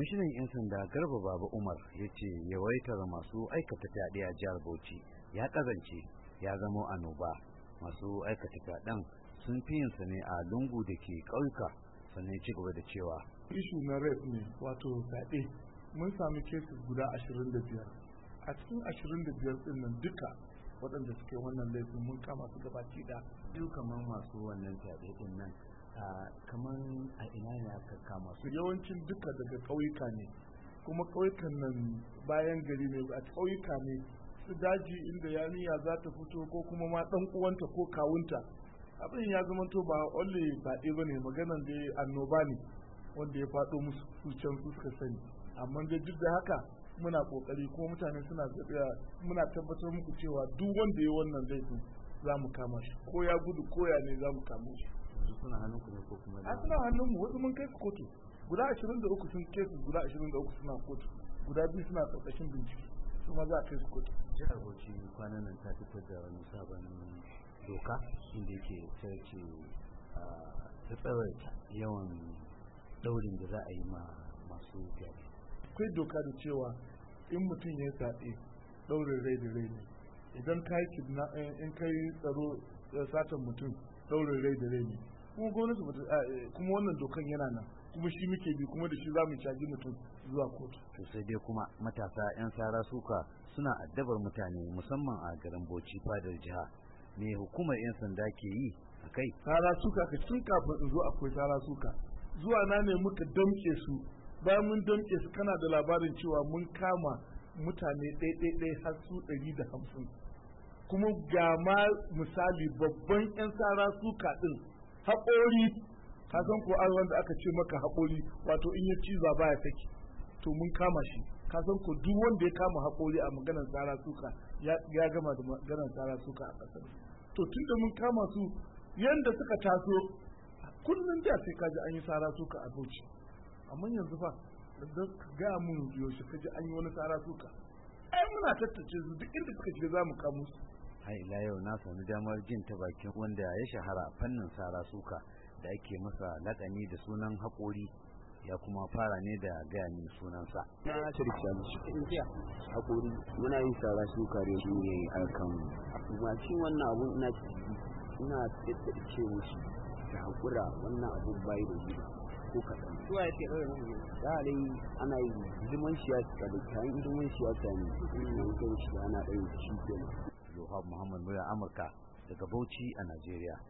kwamishinan 'yan sanda garba baba umar ya ce yawaitar masu aikata fyaɗe a jihar bauchi ya ƙazance ya zama annoba masu aikata fyaɗen sun fi yinsa ne a lungu da ke ƙauyuka sannan ci gaba da cewa ishu na rape ne wato fyaɗe mun sami kesi guda ashirin da biyar, a cikin ashirin biyar ɗin nan duka waɗanda suke wannan laifin mun kama su gabaki da duka kamar masu wannan fyaɗe ɗin nan kamar a ina ne aka kama su yawancin duka daga ƙauyuka ne kuma kauyukan nan bayan gari ne a kauyuka ne su daji inda yarinya za ta fito ko kuma ma ɗan uwanta ko kawunta abin ya zama to ba olle baɗe ba ne maganan da annoba ne wanda ya faɗo musu kucin su suka sani amma da duk da haka muna ƙoƙari kuma mutane suna muna tabbatar muku cewa duk wanda ya wannan laifin za mu kama shi ko ya gudu ko ya ne za mu kama shi suna hannun ku ne ko kuma a suna hannun mu wasu mun kai su kotu guda 23 sun kai su guda 23 suna kotu guda biyu suna karkashin bincike su ma za a kai su kotu jihar Bauchi kwanan nan ta fitar da wani sabon doka inda yake ta ce ta tsawaita yawan daurin da za a yi ma masu fyaɗe akwai doka da cewa in mutum ya saɗe daurin rai da rai ne idan ka yi eh, tsaro eh, satan mutum daurin rai da rai ne kuma gwamnati ba eh, eh, kuma wannan dokan yana nan kuma shi muke bi kuma da shi za mu caji mutum zuwa kotu to sai dai kuma matasa yan sara suka suna addabar mutane musamman a garin Bauchi fadar jiha me hukumar yan sanda ke yi akai sara suka ka tun kafin in zo akwai sara suka zuwa na ne muka damke su bayan mun damke su kana da labarin cewa mun kama mutane ɗaiɗaiɗai har su ɗari da hamsin kuma ga misali babban 'yan sara suka ɗin haƙori ka san ko an wanda aka ce maka haƙori wato in ya ci ba ya saki to mun kama shi ka san ko duk wanda ya kama haƙori a maganar tsara suka ya gama da maganar tsara suka a ƙasar to tun da mun kama su yanda suka taso kullum da sai kaji an yi tsara suka a bauchi amma yanzu fa da ga mun ka kaji an yi wani tsara suka ai muna tattace su duk inda suka shiga za mu kamo su har ila yau na sami damar jin ta bakin wanda ya shahara fannin sara suka da ake masa lakani da sunan haƙori ya kuma fara ne da gaya min sunansa. Na da ce in musu. Haƙori muna yin sara suka da shi ne kan Bakin wannan abun ina ina tattaɗa ce musu da haƙura wannan abun bai da gida. ko kaɗan. Suwa ya ce ɗaure mun gida. Dalai ana yi hidiman ta da kayan hidiman siyasa ne. Ina yi shi ana ɗaya shi kenan. Yohab Muhammad muryar Amurka daga Bauchi a Najeriya.